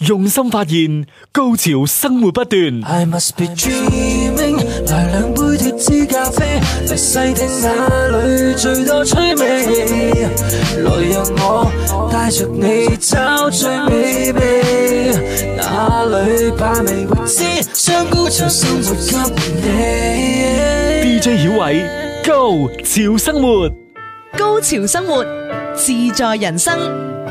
用心發現，高潮生活不斷。I must be dreaming，來兩杯脫脂咖啡，細聽那裏最多趣味。來讓我帶着你找最美味，哪裏把味未知，將高潮生活給你。DJ 小偉，Go，潮生活，高潮生活自在人生。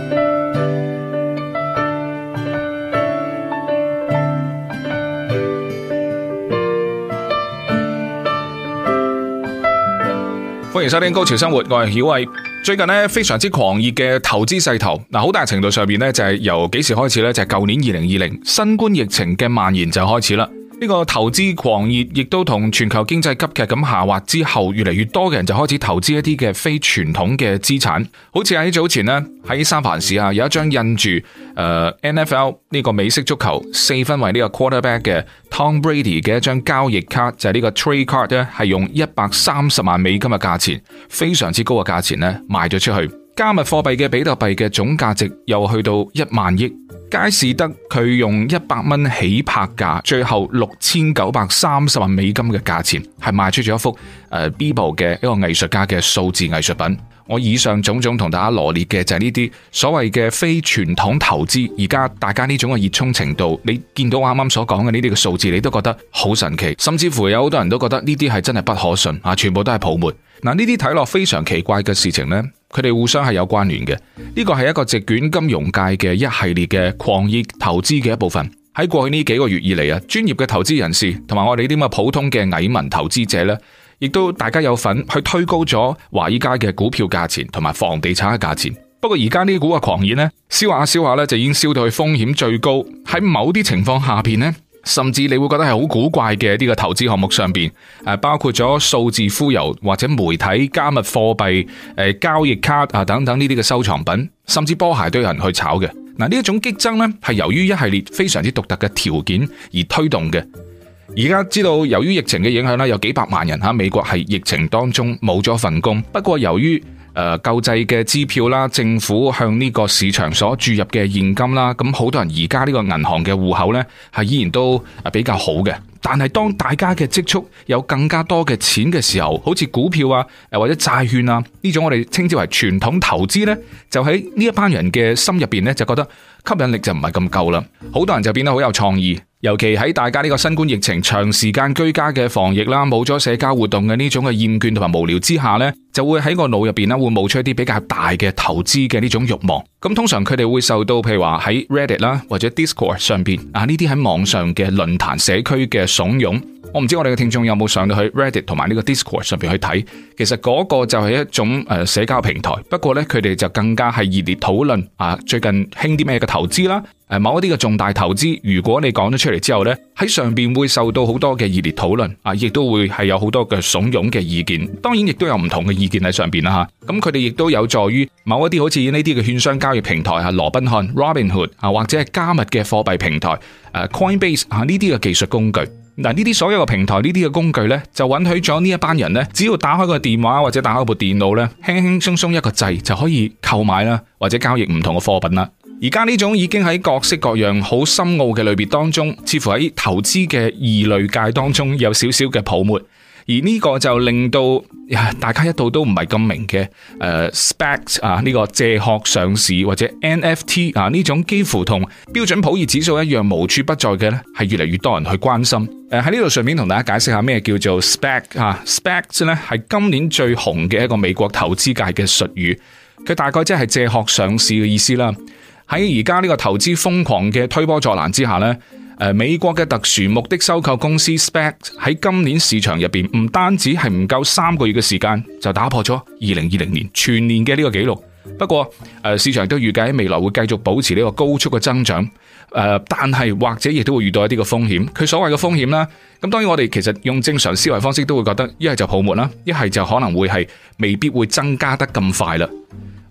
歡迎收聽《高潮生活》，我係曉偉。最近咧非常之狂熱嘅投資勢頭，嗱，好大程度上面咧就係由幾時開始呢？就係、是、舊年二零二零新冠疫情嘅蔓延就開始啦。呢個投資狂熱，亦都同全球經濟急劇咁下滑之後，越嚟越多嘅人，就開始投資一啲嘅非傳統嘅資產，好似喺早前呢，喺三藩市啊，有一張印住誒、呃、NFL 呢個美式足球四分衛呢個 quarterback 嘅 Tom Brady 嘅一張交易卡，就係、是、呢個 trade card 咧，係用一百三十萬美金嘅價錢，非常之高嘅價錢呢賣咗出去。加密貨幣嘅比特幣嘅總價值又去到一萬億。佳士得佢用一百蚊起拍價，最後六千九百三十萬美金嘅價錢係賣出咗一幅誒、呃、Beeple 嘅一個藝術家嘅數字藝術品。我以上種種同大家羅列嘅就係呢啲所謂嘅非傳統投資。而家大家呢種嘅熱衷程度，你見到我啱啱所講嘅呢啲嘅數字，你都覺得好神奇，甚至乎有好多人都覺得呢啲係真係不可信啊，全部都係泡沫。嗱，呢啲睇落非常奇怪嘅事情呢，佢哋互相係有關聯嘅。呢個係一個席捲金融界嘅一系列嘅狂熱投資嘅一部分。喺過去呢幾個月以嚟啊，專業嘅投資人士同埋我哋啲咁嘅普通嘅蟻民投資者呢，亦都大家有份去推高咗華爾街嘅股票價錢同埋房地產嘅價錢。不過而家呢股嘅狂熱呢，燒下燒下呢，就已經燒到去風險最高、喺某啲情況下邊呢。甚至你會覺得係好古怪嘅呢，呢個投資項目上邊，誒包括咗數字虛油或者媒體加密貨幣，誒、呃、交易卡啊等等呢啲嘅收藏品，甚至波鞋都有人去炒嘅。嗱，呢一種激增呢係由於一系列非常之獨特嘅條件而推動嘅。而家知道，由於疫情嘅影響呢，有幾百萬人喺美國係疫情當中冇咗份工。不過由於誒救濟嘅支票啦，政府向呢個市場所注入嘅現金啦，咁好多人而家呢個銀行嘅戶口呢，係依然都比較好嘅。但係當大家嘅積蓄有更加多嘅錢嘅時候，好似股票啊，誒或者債券啊呢種我哋稱之為傳統投資呢，就喺呢一班人嘅心入邊呢，就覺得吸引力就唔係咁夠啦。好多人就變得好有創意，尤其喺大家呢個新冠疫情長時間居家嘅防疫啦，冇咗社交活動嘅呢種嘅厭倦同埋無聊之下呢，就會喺個腦入邊呢，會冒出一啲比較大嘅投資嘅呢種慾望。咁通常佢哋會受到譬如話喺 Reddit 啦或者 Discord 上邊啊呢啲喺網上嘅論壇社區嘅。慫恿，我唔知我哋嘅聽眾有冇上到去 Reddit 同埋呢個 Discord 上邊去睇，其實嗰個就係一種誒社交平台，不過呢，佢哋就更加係熱烈討論啊！最近興啲咩嘅投資啦，誒、啊、某一啲嘅重大投資，如果你講咗出嚟之後呢，喺上邊會受到好多嘅熱烈討論啊，亦都會係有好多嘅慫恿嘅意見，當然亦都有唔同嘅意見喺上邊啦吓，咁佢哋亦都有助於某一啲好似呢啲嘅券商交易平台吓，啊、羅賓漢 （Robinhood） 啊，或者係加密嘅貨幣平台誒、啊、Coinbase 吓、啊、呢啲嘅技術工具。嗱，呢啲所有嘅平台，呢啲嘅工具咧，就允許咗呢一班人咧，只要打開個電話或者打開部電腦咧，輕輕鬆鬆一個掣就可以購買啦，或者交易唔同嘅貨品啦。而家呢種已經喺各式各樣好深奧嘅類別當中，似乎喺投資嘅異類界當中有少少嘅泡沫。而呢個就令到大家一度都唔係咁明嘅，誒、呃、SPAC 啊呢、呢個借殼上市或者 NFT 啊呢種幾乎同標準普爾指數一樣無處不在嘅呢係越嚟越多人去關心。誒，喺呢度順便同大家解釋下咩叫做 SPAC 啊。SPAC 呢咧，係今年最紅嘅一個美國投資界嘅術語。佢大概即係借殼上市嘅意思啦。喺而家呢個投資瘋狂嘅推波助瀾之下呢。誒，美國嘅特殊目的收購公司 SPAC 喺今年市場入邊唔單止係唔夠三個月嘅時間就打破咗二零二零年全年嘅呢個紀錄。不過誒、啊，市場都預計喺未來會繼續保持呢個高速嘅增長。誒、啊，但係或者亦都會遇到一啲嘅風險。佢所謂嘅風險啦，咁當然我哋其實用正常思維方式都會覺得一係就泡沫啦，一係就可能會係未必會增加得咁快啦。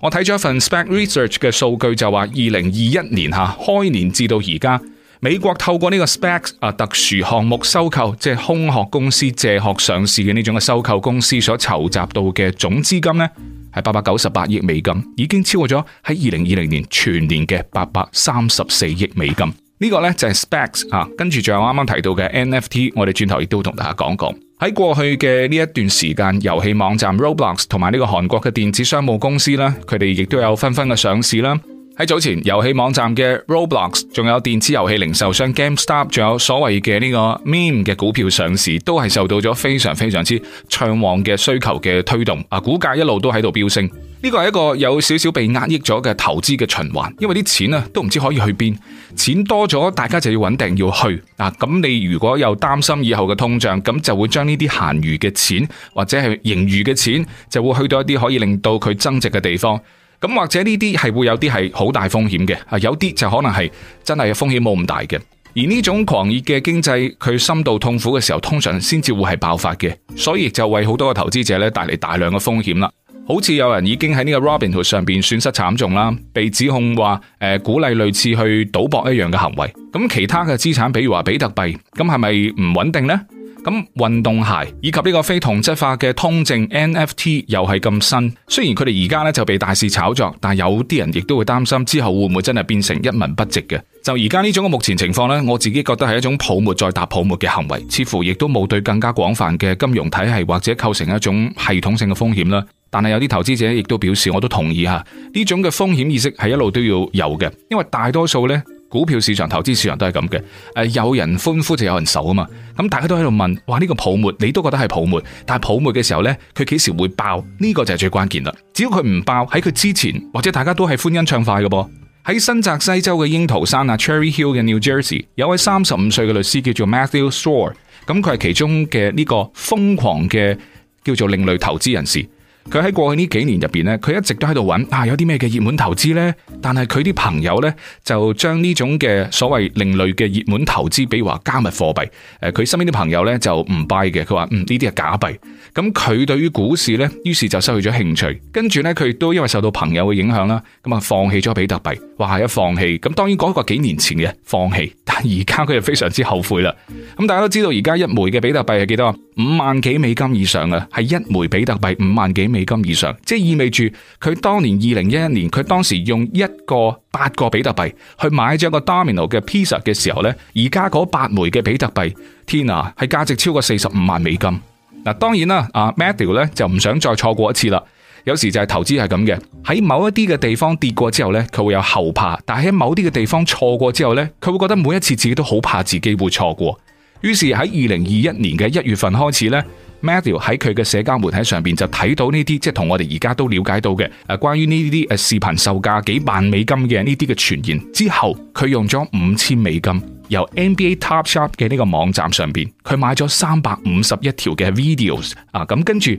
我睇咗一份 SPAC Research 嘅數據就話，二零二一年吓開年至到而家。美國透過呢個 Specs 啊特殊項目收購，即係空殼公司借殼上市嘅呢種嘅收購公司所籌集到嘅總資金呢，係八百九十八億美金，已經超過咗喺二零二零年全年嘅八百三十四億美金。呢、呢個呢就係、是、Specs 啊，跟住仲有啱啱提到嘅 NFT，我哋轉頭亦都同大家講講喺過去嘅呢一段時間，遊戲網站 Roblox 同埋呢個韓國嘅電子商務公司呢，佢哋亦都有紛紛嘅上市啦。喺早前，遊戲網站嘅 Roblox，仲有電子遊戲零售商 GameStop，仲有所謂嘅呢個 meme 嘅股票上市，都係受到咗非常非常之暢旺嘅需求嘅推動。啊，股價一路都喺度飆升。呢個係一個有少少被壓抑咗嘅投資嘅循環，因為啲錢啊都唔知可以去邊。錢多咗，大家就要穩定要去。啊，咁你如果又擔心以後嘅通脹，咁就會將呢啲閒餘嘅錢或者係盈餘嘅錢，就會去到一啲可以令到佢增值嘅地方。咁或者呢啲係會有啲係好大風險嘅，啊有啲就可能係真係風險冇咁大嘅。而呢種狂熱嘅經濟，佢深度痛苦嘅時候，通常先至會係爆發嘅，所以就為好多嘅投資者咧帶嚟大量嘅風險啦。好似有人已經喺呢個 Robinhood 上邊損失慘重啦，被指控話誒、呃、鼓勵類似去賭博一樣嘅行為。咁其他嘅資產，比如話比特幣，咁係咪唔穩定呢？咁運動鞋以及呢個非同質化嘅通證 NFT 又係咁新，雖然佢哋而家咧就被大肆炒作，但係有啲人亦都會擔心之後會唔會真係變成一文不值嘅。就而家呢種嘅目前情況呢，我自己覺得係一種泡沫再搭泡沫嘅行為，似乎亦都冇對更加廣泛嘅金融體系或者構成一種系統性嘅風險啦。但係有啲投資者亦都表示，我都同意吓呢種嘅風險意識係一路都要有嘅，因為大多數呢。股票市場、投資市場都係咁嘅。誒、呃，有人歡呼就有人愁啊嘛。咁大家都喺度問，哇呢、這個泡沫，你都覺得係泡沫，但係泡沫嘅時候呢，佢幾時會爆？呢、這個就係最關鍵啦。只要佢唔爆，喺佢之前或者大家都係歡欣暢快嘅噃。喺新澤西州嘅櫻桃山啊 （Cherry Hill） 嘅 New Jersey，有位三十五歲嘅律師叫做 Matthew Storr、嗯、咁佢係其中嘅呢個瘋狂嘅叫做另類投資人士。佢喺過去呢幾年入邊咧，佢一直都喺度揾啊，有啲咩嘅熱門投資咧，但係佢啲朋友咧就將呢種嘅所謂另類嘅熱門投資，比如話加密貨幣，誒，佢身邊啲朋友咧就唔買嘅，佢話嗯呢啲係假幣。咁佢對於股市呢，於是就失去咗興趣。跟住呢，佢亦都因為受到朋友嘅影響啦，咁啊放棄咗比特幣。哇，一放棄，咁當然嗰個幾年前嘅放棄，但而家佢又非常之後悔啦。咁大家都知道，而家一枚嘅比特幣係幾多啊？五萬幾美金以上啊，係一枚比特幣五萬幾美金以上，即係意味住佢當年二零一一年佢當時用一個八個比特幣去買咗一個 Domino 嘅 pizza 嘅時候呢，而家嗰八枚嘅比特幣，天啊，係價值超過四十五萬美金。嗱，當然啦，啊，Medio 咧就唔想再錯過一次啦。有時就係投資係咁嘅，喺某一啲嘅地方跌過之後呢，佢會有後怕；但喺某啲嘅地方錯過之後呢，佢會覺得每一次自己都好怕自己會錯過。於是喺二零二一年嘅一月份開始呢，Medio 喺佢嘅社交媒體上邊就睇到呢啲，即係同我哋而家都了解到嘅，誒關於呢啲誒視頻售價幾萬美金嘅呢啲嘅傳言之後，佢用咗五千美金。由 NBA Top Shot 嘅呢個網站上邊，佢買咗三百五十一條嘅 videos 啊，咁跟住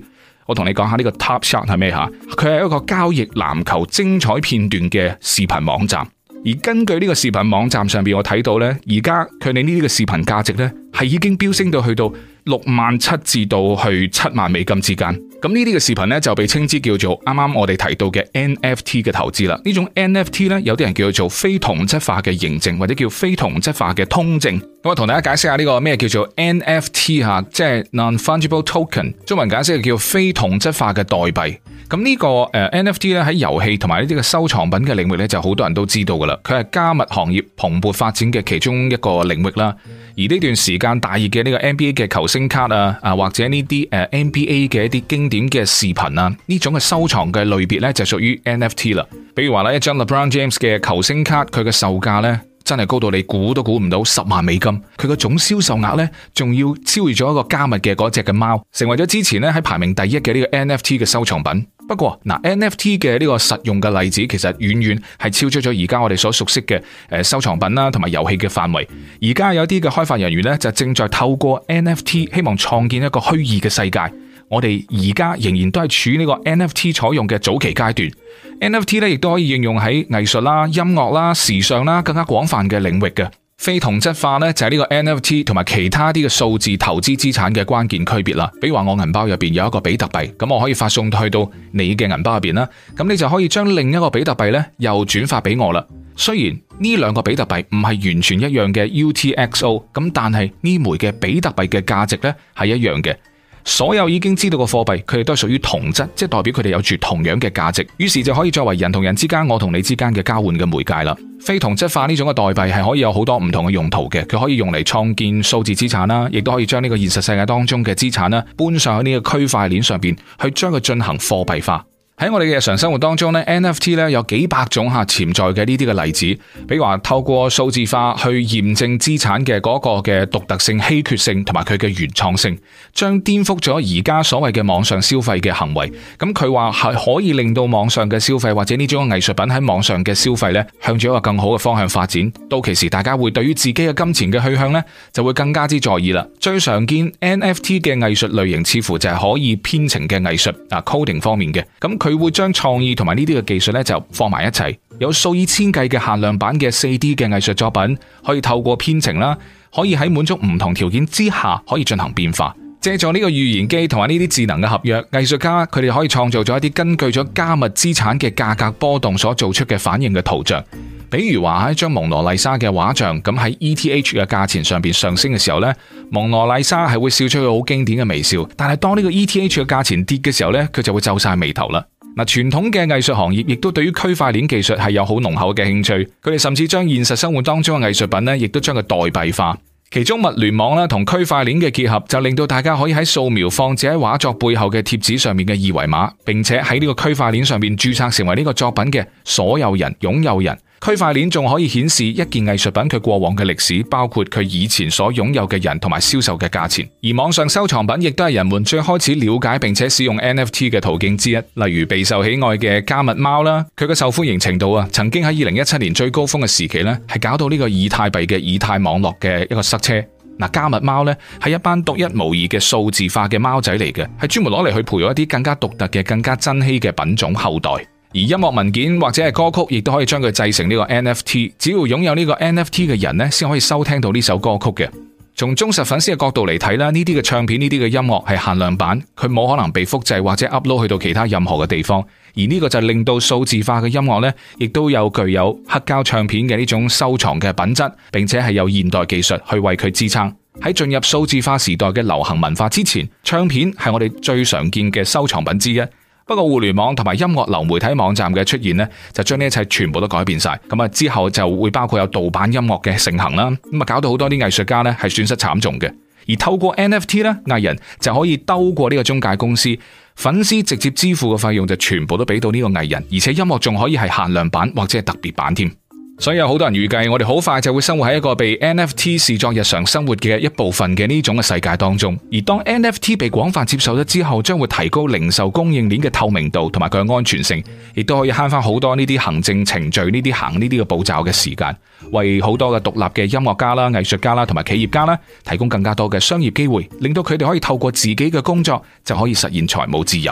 我同你講下呢個 Top Shot 係咩吓？佢係一個交易籃球精彩片段嘅視頻網站，而根據呢個視頻網站上邊，我睇到呢而家佢哋呢啲嘅視頻價值呢，係已經飆升到去到，六萬七至到去七萬美金之間，咁呢啲嘅視頻呢，就被稱之叫做啱啱我哋提到嘅 NFT 嘅投資啦。呢種 NFT 呢，有啲人叫做非同質化嘅認證或者叫非同質化嘅通證。咁我同大家解釋下呢個咩叫做 NFT 啊，即係 Non-Fungible Token，中文解釋就叫非同質化嘅代幣。咁呢個誒 NFT 咧喺遊戲同埋呢啲嘅收藏品嘅領域咧，就好多人都知道噶啦，佢係加密行業蓬勃發展嘅其中一個領域啦。而呢段時間大熱嘅呢個 NBA 嘅球星卡啊，啊或者呢啲誒 NBA 嘅一啲經典嘅視頻啊，呢種嘅收藏嘅類別咧就屬於 NFT 啦。比如話呢一張 LeBron James 嘅球星卡，佢嘅售價咧，真係高到你估都估唔到，十萬美金。佢個總銷售額呢，仲要超越咗一個加密嘅嗰隻嘅貓，成為咗之前呢喺排名第一嘅呢個 NFT 嘅收藏品。不過嗱，NFT 嘅呢個實用嘅例子，其實遠遠係超出咗而家我哋所熟悉嘅誒收藏品啦，同埋遊戲嘅範圍。而家有啲嘅開發人員呢，就正在透過 NFT 希望創建一個虛擬嘅世界。我哋而家仍然都係處於呢個 NFT 採用嘅早期階段，NFT 咧亦都可以應用喺藝術啦、音樂啦、時尚啦，更加廣泛嘅領域嘅。非同質化呢，就係呢個 NFT 同埋其他啲嘅數字投資資產嘅關鍵區別啦。比如話我銀包入邊有一個比特幣，咁我可以發送去到你嘅銀包入邊啦。咁你就可以將另一個比特幣呢又轉發俾我啦。雖然呢兩個比特幣唔係完全一樣嘅 UTXO，咁但係呢枚嘅比特幣嘅價值呢係一樣嘅。所有已經知道嘅貨幣，佢哋都係屬於同質，即代表佢哋有住同樣嘅價值，於是就可以作為人同人之間、我同你之間嘅交換嘅媒介啦。非同質化呢種嘅代幣係可以有好多唔同嘅用途嘅，佢可以用嚟創建數字資產啦，亦都可以將呢個現實世界當中嘅資產呢搬上呢個區塊鏈上面去，將佢進行貨幣化。喺我哋嘅日常生活當中呢 NFT 咧，有幾百種吓，潛在嘅呢啲嘅例子，比如話透過數字化去驗證資產嘅嗰個嘅獨特性、稀缺性同埋佢嘅原創性，將顛覆咗而家所謂嘅網上消費嘅行為。咁佢話係可以令到網上嘅消費或者呢種藝術品喺網上嘅消費咧，向住一個更好嘅方向發展。到其時大家會對於自己嘅金錢嘅去向呢，就會更加之在意啦。最常見 NFT 嘅藝術類型似乎就係可以編程嘅藝術啊，coding 方面嘅咁。佢會將創意同埋呢啲嘅技術咧，就放埋一齊。有數以千計嘅限量版嘅 4D 嘅藝術作品，可以透過編程啦，可以喺滿足唔同條件之下，可以進行變化。借助呢個預言機同埋呢啲智能嘅合約，藝術家佢哋可以創造咗一啲根據咗加密資產嘅價格波動所做出嘅反應嘅圖像。比如話喺張蒙娜麗莎嘅畫像，咁喺 ETH 嘅價錢上邊上升嘅時候呢，蒙娜麗莎係會笑出個好經典嘅微笑。但係當呢個 ETH 嘅價錢跌嘅時候呢，佢就會皺晒眉頭啦。嗱，傳統嘅藝術行業亦都對於區塊鏈技術係有好濃厚嘅興趣，佢哋甚至將現實生活當中嘅藝術品咧，亦都將佢代幣化。其中物聯網咧同區塊鏈嘅結合，就令到大家可以喺掃描放置喺畫作背後嘅貼紙上面嘅二維碼，並且喺呢個區塊鏈上面註冊成為呢個作品嘅所有人、擁有人。區塊鏈仲可以顯示一件藝術品佢過往嘅歷史，包括佢以前所擁有嘅人同埋銷售嘅價錢。而網上收藏品亦都係人們最開始了解並且使用 NFT 嘅途徑之一，例如備受喜愛嘅加密貓啦，佢嘅受歡迎程度啊，曾經喺二零一七年最高峰嘅時期呢，係搞到呢個以太幣嘅以太網絡嘅一個塞車。嗱，加密貓呢係一班獨一無二嘅數字化嘅貓仔嚟嘅，係專門攞嚟去培育一啲更加獨特嘅、更加珍稀嘅品種後代。而音樂文件或者係歌曲，亦都可以將佢製成呢個 NFT。只要擁有呢個 NFT 嘅人呢，先可以收聽到呢首歌曲嘅。從忠實粉絲嘅角度嚟睇啦，呢啲嘅唱片、呢啲嘅音樂係限量版，佢冇可能被複製或者 upload 去到其他任何嘅地方。而呢個就令到數字化嘅音樂呢，亦都有具有黑膠唱片嘅呢種收藏嘅品質，並且係有現代技術去為佢支撐。喺進入數字化時代嘅流行文化之前，唱片係我哋最常見嘅收藏品之一。不過互聯網同埋音樂流媒體網站嘅出現呢，就將呢一切全部都改變晒。咁啊，之後就會包括有盜版音樂嘅盛行啦，咁啊搞到好多啲藝術家呢係損失慘重嘅。而透過 NFT 咧，藝人就可以兜過呢個中介公司，粉絲直接支付嘅費用就全部都俾到呢個藝人，而且音樂仲可以係限量版或者係特別版添。所以有好多人預計，我哋好快就會生活喺一個被 NFT 視作日常生活嘅一部分嘅呢種嘅世界當中。而當 NFT 被廣泛接受咗之後，將會提高零售供應鏈嘅透明度同埋佢嘅安全性，亦都可以慳翻好多呢啲行政程序，呢啲行，呢啲嘅步驟嘅時間，為好多嘅獨立嘅音樂家啦、藝術家啦同埋企業家啦提供更加多嘅商業機會，令到佢哋可以透過自己嘅工作就可以實現財務自由。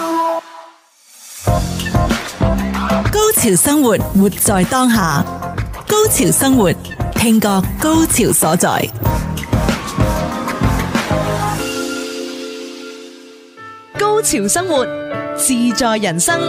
高潮生活，活在當下；高潮生活，聽覺高潮所在。高潮生活，自在人生。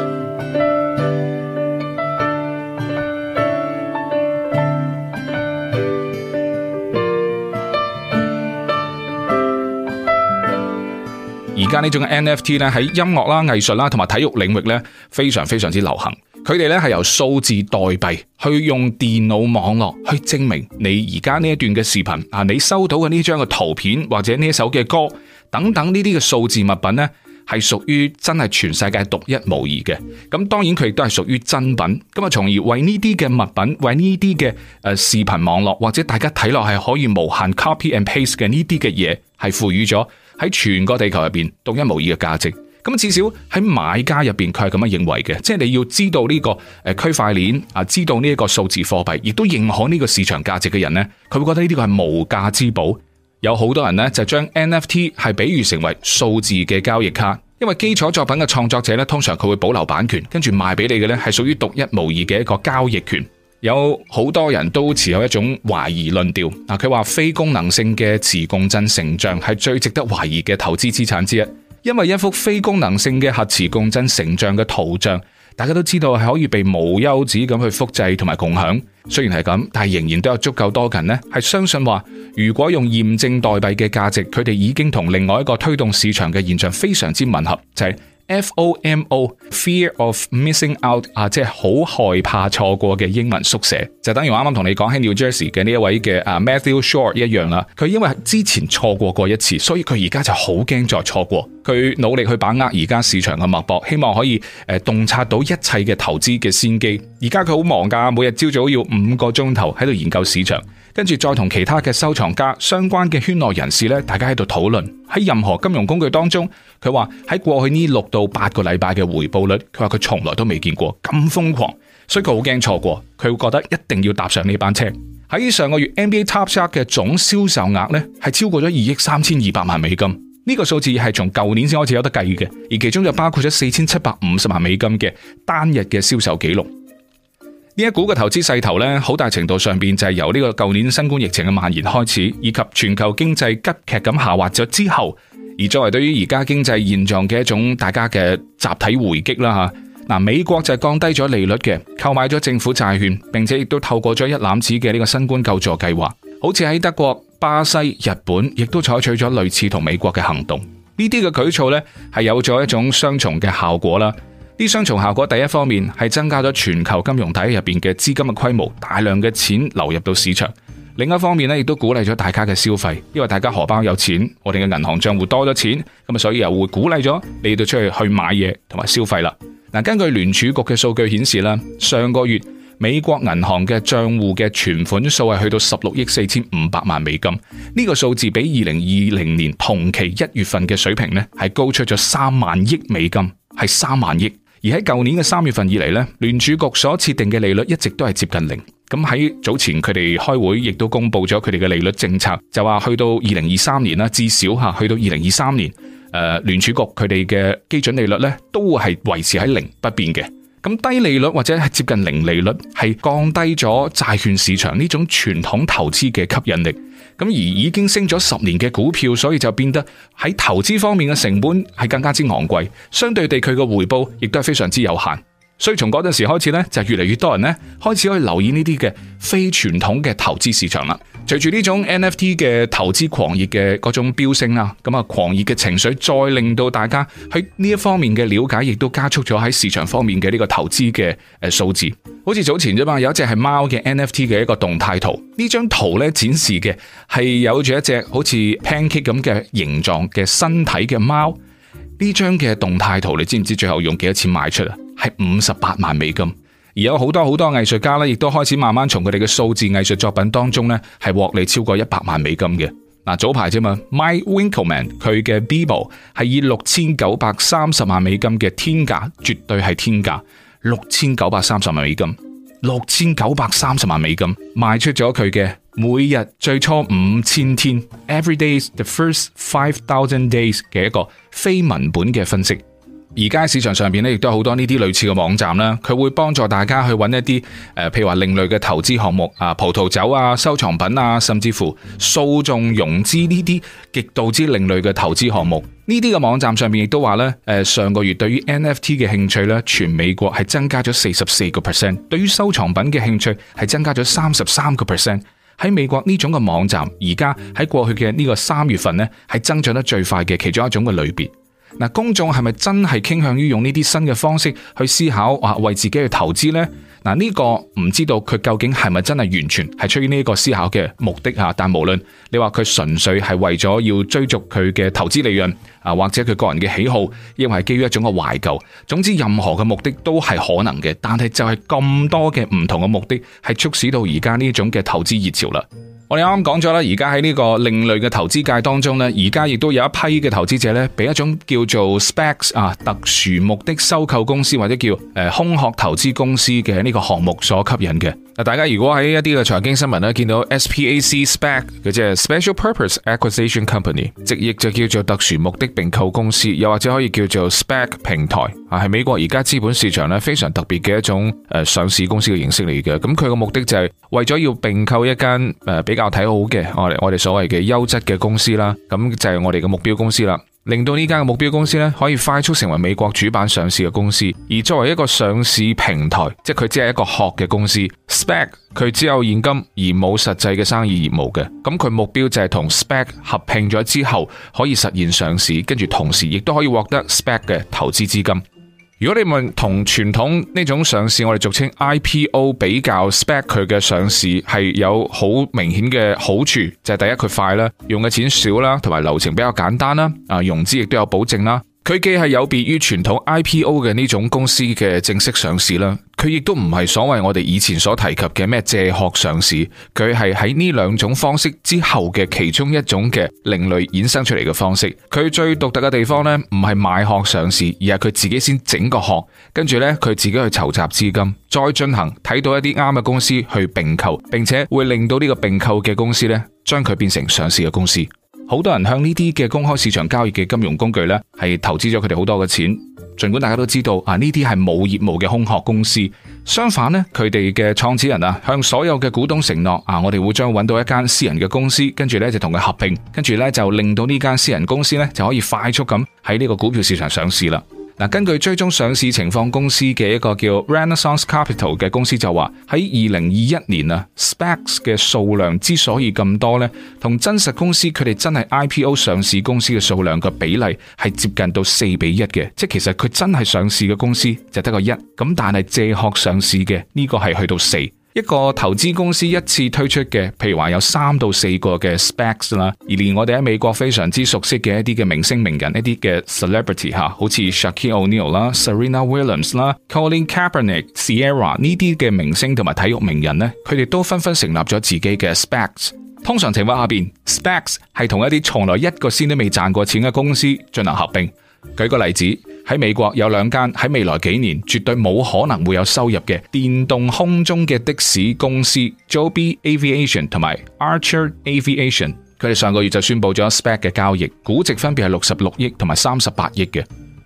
而家呢種 NFT 咧，喺音樂啦、藝術啦同埋體育領域呢，非常非常之流行。佢哋咧係由數字代幣去用電腦網絡去證明你而家呢一段嘅視頻啊，你收到嘅呢張嘅圖片或者呢一首嘅歌等等呢啲嘅數字物品呢，係屬於真係全世界獨一無二嘅。咁當然佢亦都係屬於真品。咁啊，從而為呢啲嘅物品，為呢啲嘅誒視頻網絡或者大家睇落係可以無限 copy and paste 嘅呢啲嘅嘢，係賦予咗喺全個地球入邊獨一無二嘅價值。咁至少喺買家入邊，佢係咁樣認為嘅，即係你要知道呢個誒區塊鏈啊，知道呢一個數字貨幣，亦都認可呢個市場價值嘅人呢，佢會覺得呢啲個係無價之寶。有好多人呢，就將 NFT 係比喻成為數字嘅交易卡，因為基礎作品嘅創作者呢，通常佢會保留版權，跟住賣俾你嘅呢係屬於獨一無二嘅一個交易權。有好多人都持有一種懷疑論調，啊，佢話非功能性嘅磁共振成像係最值得懷疑嘅投資資產之一。因為一幅非功能性嘅核磁共振成像嘅圖像，大家都知道係可以被無休止咁去複製同埋共享。雖然係咁，但係仍然都有足夠多人呢係相信話，如果用驗證代幣嘅價值，佢哋已經同另外一個推動市場嘅現象非常之吻合，就係。FOMO, fear of missing out 啊，即係好害怕錯過嘅英文縮寫，就等於我啱啱同你講緊 New Jersey 嘅呢一位嘅啊 Matthew Short 一樣啦。佢因為之前錯過過一次，所以佢而家就好驚再錯過。佢努力去把握而家市場嘅脈搏，希望可以誒洞察到一切嘅投資嘅先機。而家佢好忙噶，每日朝早要五個鐘頭喺度研究市場。跟住再同其他嘅收藏家相關嘅圈內人士咧，大家喺度討論。喺任何金融工具當中，佢話喺過去呢六到八個禮拜嘅回報率，佢話佢從來都未見過咁瘋狂，所以佢好驚錯過，佢會覺得一定要搭上呢班車。喺上個月 NBA Top Shot 嘅總銷售額咧，係超過咗二億三千二百萬美金，呢個數字係從舊年先開始有得計嘅，而其中就包括咗四千七百五十萬美金嘅單日嘅銷售紀錄。呢一股嘅投資勢頭咧，好大程度上邊就係由呢個舊年新冠疫情嘅蔓延開始，以及全球經濟急劇咁下滑咗之後，而作為對於而家經濟現狀嘅一種大家嘅集體回擊啦吓。嗱，美國就係降低咗利率嘅，購買咗政府債券，並且亦都透過咗一攬子嘅呢個新冠救助計劃。好似喺德國、巴西、日本，亦都採取咗類似同美國嘅行動。呢啲嘅舉措咧，係有咗一種雙重嘅效果啦。啲雙重效果，第一方面係增加咗全球金融體入邊嘅資金嘅規模，大量嘅錢流入到市場；另一方面呢，亦都鼓勵咗大家嘅消費，因為大家荷包有錢，我哋嘅銀行賬戶多咗錢，咁啊，所以又會鼓勵咗你哋出去去買嘢同埋消費啦。嗱，根據聯儲局嘅數據顯示啦，上個月美國銀行嘅賬戶嘅存款數係去到十六億四千五百萬美金，呢個數字比二零二零年同期一月份嘅水平呢，係高出咗三萬億美金，係三萬億。而喺舊年嘅三月份以嚟呢，聯儲局所設定嘅利率一直都係接近零。咁喺早前佢哋開會，亦都公布咗佢哋嘅利率政策，就話去到二零二三年啦，至少吓去到二零二三年，誒聯儲局佢哋嘅基準利率呢，都會係維持喺零不變嘅。咁低利率或者接近零利率，係降低咗債券市場呢種傳統投資嘅吸引力。咁而已經升咗十年嘅股票，所以就變得喺投資方面嘅成本係更加之昂貴，相對地佢嘅回報亦都係非常之有限。所以從嗰陣時開始咧，就越嚟越多人咧開始可以留意呢啲嘅非傳統嘅投資市場啦。隨住呢種 NFT 嘅投資狂熱嘅嗰種飆升啊，咁啊狂熱嘅情緒再令到大家喺呢一方面嘅了解，亦都加速咗喺市場方面嘅呢個投資嘅誒數字。好似早前啫嘛，有一隻係貓嘅 NFT 嘅一個動態圖，呢張圖咧展示嘅係有住一隻好似 pancake 咁嘅形狀嘅身體嘅貓。呢張嘅動態圖，你知唔知最後用幾多錢賣出啊？係五十八萬美金，而有好多好多藝術家咧，亦都開始慢慢從佢哋嘅數字藝術作品當中咧，係獲利超過一百萬美金嘅。嗱，早排啫嘛，Mike Winkelmann 佢嘅 Beeple 係以六千九百三十萬美金嘅天價，絕對係天價，六千九百三十萬美金，六千九百三十萬美金賣出咗佢嘅。每日最初五千天，Every day is the first five thousand days 嘅一個非文本嘅分析。而家市場上邊咧，亦都好多呢啲類似嘅網站啦，佢會幫助大家去揾一啲誒，譬如話另類嘅投資項目啊，葡萄酒啊，收藏品啊，甚至乎訴訟融資呢啲極度之另類嘅投資項目。呢啲嘅網站上面亦都話咧，誒，上個月對於 NFT 嘅興趣咧，全美國係增加咗四十四個 percent，對於收藏品嘅興趣係增加咗三十三個 percent。喺美國呢種嘅網站，而家喺過去嘅呢個三月份呢，係增長得最快嘅其中一種嘅類別。嗱，公眾係咪真係傾向於用呢啲新嘅方式去思考啊，為自己去投資呢？嗱、啊，呢、這個唔知道佢究竟係咪真係完全係出於呢一個思考嘅目的吓、啊，但無論你話佢純粹係為咗要追逐佢嘅投資利潤啊，或者佢個人嘅喜好，亦或係基於一種嘅懷舊，總之任何嘅目的都係可能嘅，但係就係咁多嘅唔同嘅目的係促使到而家呢種嘅投資熱潮啦。我哋啱啱講咗啦，而家喺呢個另類嘅投資界當中呢，而家亦都有一批嘅投資者呢，畀一種叫做 Specs 啊，特殊目的收購公司，或者叫誒空殼投資公司嘅呢個項目所吸引嘅。大家如果喺一啲嘅財經新聞咧，見到 SPAC、SPAC 嘅即係 Special Purpose Acquisition Company，直譯就叫做特殊目的併購公司，又或者可以叫做 SPAC 平台，係美國而家資本市場咧非常特別嘅一種誒上市公司嘅形式嚟嘅。咁佢個目的就係為咗要併購一間誒比較睇好嘅，我我哋所謂嘅優質嘅公司啦，咁就係我哋嘅目標公司啦。令到呢間目標公司咧可以快速成為美國主板上市嘅公司，而作為一個上市平台，即佢只係一個殼嘅公司。SPAC 佢只有現金而冇實際嘅生意業務嘅，咁佢目標就係同 SPAC 合併咗之後可以實現上市，跟住同時亦都可以獲得 SPAC 嘅投資資金。如果你問同傳統呢種上市，我哋俗稱 IPO 比較 spec 佢嘅上市係有好明顯嘅好處，就係第一佢快啦，用嘅錢少啦，同埋流程比較簡單啦，啊融資亦都有保證啦。佢既係有別於傳統 IPO 嘅呢種公司嘅正式上市啦，佢亦都唔係所謂我哋以前所提及嘅咩借殼上市，佢係喺呢兩種方式之後嘅其中一種嘅另類衍生出嚟嘅方式。佢最獨特嘅地方呢，唔係買殼上市，而係佢自己先整個殼，跟住呢，佢自己去籌集資金，再進行睇到一啲啱嘅公司去併購，並且會令到呢個併購嘅公司呢，將佢變成上市嘅公司。好多人向呢啲嘅公開市場交易嘅金融工具呢，係投資咗佢哋好多嘅錢。儘管大家都知道啊，呢啲係冇業務嘅空殼公司。相反呢，佢哋嘅創始人啊，向所有嘅股東承諾啊，我哋會將揾到一間私人嘅公司，跟住呢就同佢合併，跟住呢就令到呢間私人公司呢，就可以快速咁喺呢個股票市場上市啦。根據追蹤上市情況公司嘅一個叫 Renaissance Capital 嘅公司就話，喺二零二一年啊，SPACs 嘅數量之所以咁多咧，同真實公司佢哋真係 IPO 上市公司嘅數量嘅比例係接近到四比一嘅，即係其實佢真係上市嘅公司就得個一，咁但係借殼上市嘅呢個係去到四。一個投資公司一次推出嘅，譬如話有三到四個嘅 Specs 啦，而連我哋喺美國非常之熟悉嘅一啲嘅明星名人一啲嘅 Celebrity 吓，好似 Shaquille O’Neal 啦、Serena Williams 啦、Colin Kaepernick、Sierra 呢啲嘅明星同埋體育名人呢，佢哋都紛紛成立咗自己嘅 Specs。通常情況下邊，Specs 係同一啲從來一個先都未賺過錢嘅公司進行合併。舉個例子。喺美國有兩間喺未來幾年絕對冇可能會有收入嘅電動空中嘅的，的士公司 Joby Aviation 同埋 Archer Aviation，佢哋上個月就宣布咗 SPAC 嘅交易，估值分別係六十六億同埋三十八億嘅。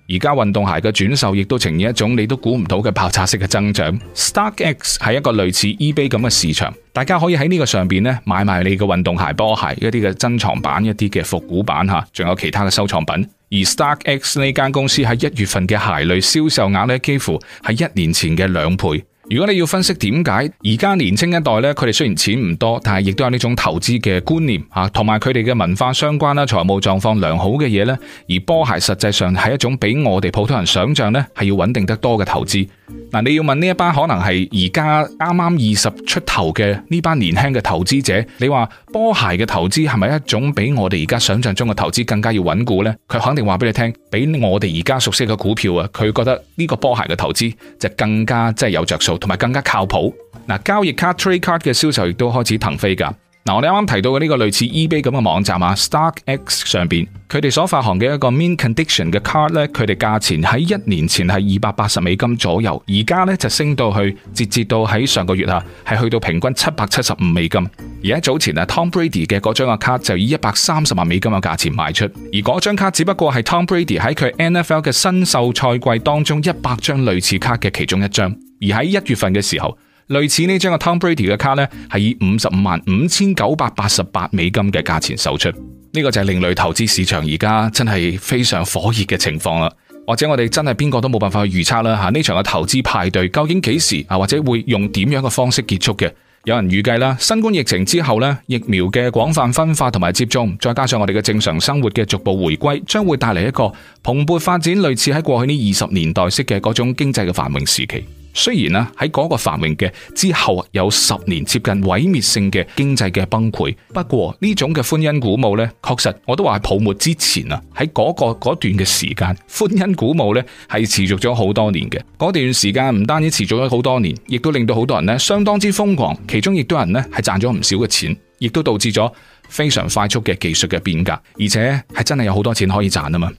而家運動鞋嘅轉售亦都呈現一種你都估唔到嘅爆炸式嘅增長。StockX 係一個類似 eBay 咁嘅市場，大家可以喺呢個上邊咧買埋你嘅運動鞋、波鞋一啲嘅珍藏版、一啲嘅復古版嚇，仲有其他嘅收藏品。而 StockX 呢間公司喺一月份嘅鞋類銷售額咧，幾乎係一年前嘅兩倍。如果你要分析點解而家年輕一代咧，佢哋雖然錢唔多，但係亦都有呢種投資嘅觀念啊，同埋佢哋嘅文化相關啦，財務狀況良好嘅嘢咧，而波鞋實際上係一種比我哋普通人想象咧係要穩定得多嘅投資。嗱，你要問呢一班可能係而家啱啱二十出頭嘅呢班年輕嘅投資者，你話波鞋嘅投資係咪一種比我哋而家想象中嘅投資更加要穩固呢？佢肯定話俾你聽，比我哋而家熟悉嘅股票啊，佢覺得呢個波鞋嘅投資就更加即係有着數，同埋更加靠譜。嗱，交易卡、trade card 嘅銷售亦都開始騰飛噶。嗱，我哋啱啱提到嘅呢個類似 eBay 咁嘅網站啊 StockX 上邊，佢哋所發行嘅一個 mint condition 嘅卡 a 咧，佢哋價錢喺一年前係二百八十美金左右，而家咧就升到去，截至到喺上個月啊，係去到平均七百七十五美金。而喺早前啊，Tom Brady 嘅嗰張嘅卡就以一百三十萬美金嘅價錢賣出，而嗰張卡只不過係 Tom Brady 喺佢 NFL 嘅新秀賽季當中一百張類似卡嘅其中一張，而喺一月份嘅時候，類似呢張嘅 Tom Brady 嘅卡呢，係以五十五萬五千九百八十八美金嘅價錢售出，呢個就係另類投資市場而家真係非常火熱嘅情況啦。或者我哋真係邊個都冇辦法去預測啦吓，呢場嘅投資派對究竟幾時啊，或者會用點樣嘅方式結束嘅？有人預計啦，新冠疫情之後呢，疫苗嘅廣泛分化同埋接種，再加上我哋嘅正常生活嘅逐步回歸，將會帶嚟一個蓬勃發展，類似喺過去呢二十年代式嘅嗰種經濟嘅繁榮時期。雖然咧喺嗰個繁榮嘅之後有十年接近毀滅性嘅經濟嘅崩潰，不過呢種嘅歡欣鼓舞呢，確實我都話係泡沫之前啊。喺嗰個段嘅時間，歡欣鼓舞呢係持續咗好多年嘅。嗰段時間唔單止持續咗好多年，亦都令到好多人呢相當之瘋狂，其中亦都有人呢係賺咗唔少嘅錢，亦都導致咗非常快速嘅技術嘅變革，而且係真係有好多錢可以賺啊嘛。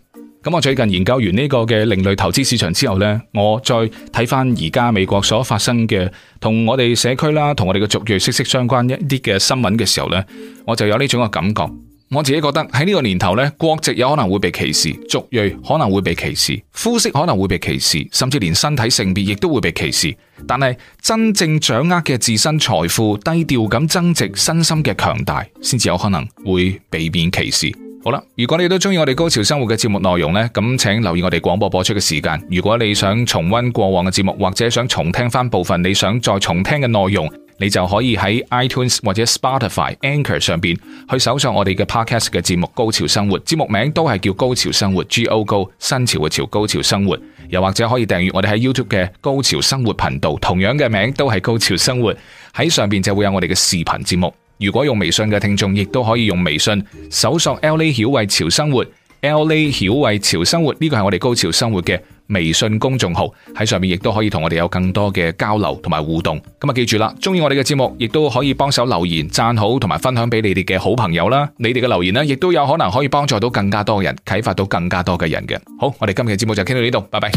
咁我最近研究完呢個嘅另類投資市場之後呢，我再睇翻而家美國所發生嘅同我哋社區啦，同我哋嘅族裔息息相關一啲嘅新聞嘅時候呢，我就有呢種嘅感覺。我自己覺得喺呢個年頭呢，國籍有可能會被歧視，族裔可能會被歧視，膚色可能會被歧視，甚至連身體性別亦都會被歧視。但係真正掌握嘅自身財富，低調咁增值，身心嘅強大，先至有可能會避免歧視。好啦，如果你都中意我哋《高潮生活》嘅節目內容咧，咁請留意我哋廣播播出嘅時間。如果你想重溫過往嘅節目，或者想重聽翻部分你想再重聽嘅內容，你就可以喺 iTunes 或者 Spotify Anchor 上邊去搜索我哋嘅 Podcast 嘅節目《高潮生活》，節目名都係叫《高潮生活》G O G，新潮嘅潮高潮生活。又或者可以訂閱我哋喺 YouTube 嘅《高潮生活》頻道，同樣嘅名都係《高潮生活》，喺上邊就會有我哋嘅視頻節目。如果用微信嘅聽眾，亦都可以用微信搜索 LA 曉慧潮生活，LA 曉慧潮生活呢個係我哋高潮生活嘅微信公眾號，喺上面亦都可以同我哋有更多嘅交流同埋互動。咁啊，記住啦，中意我哋嘅節目，亦都可以幫手留言、讚好同埋分享俾你哋嘅好朋友啦。你哋嘅留言呢，亦都有可能可以幫助到更加多人，啟發到更加多嘅人嘅。好，我哋今期嘅節目就傾到呢度，拜拜。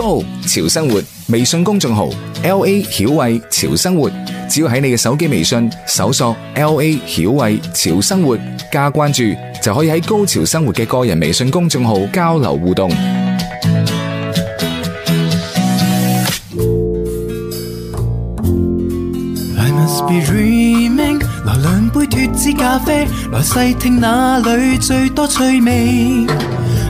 高潮生活微信公眾號 L A 曉慧潮生活，只要喺你嘅手機微信搜索 L A 曉慧潮生活加關注，就可以喺高潮生活嘅個人微信公眾號交流互動。I must be dreaming，拿兩杯脫脂咖啡，來細聽哪裏最多趣味。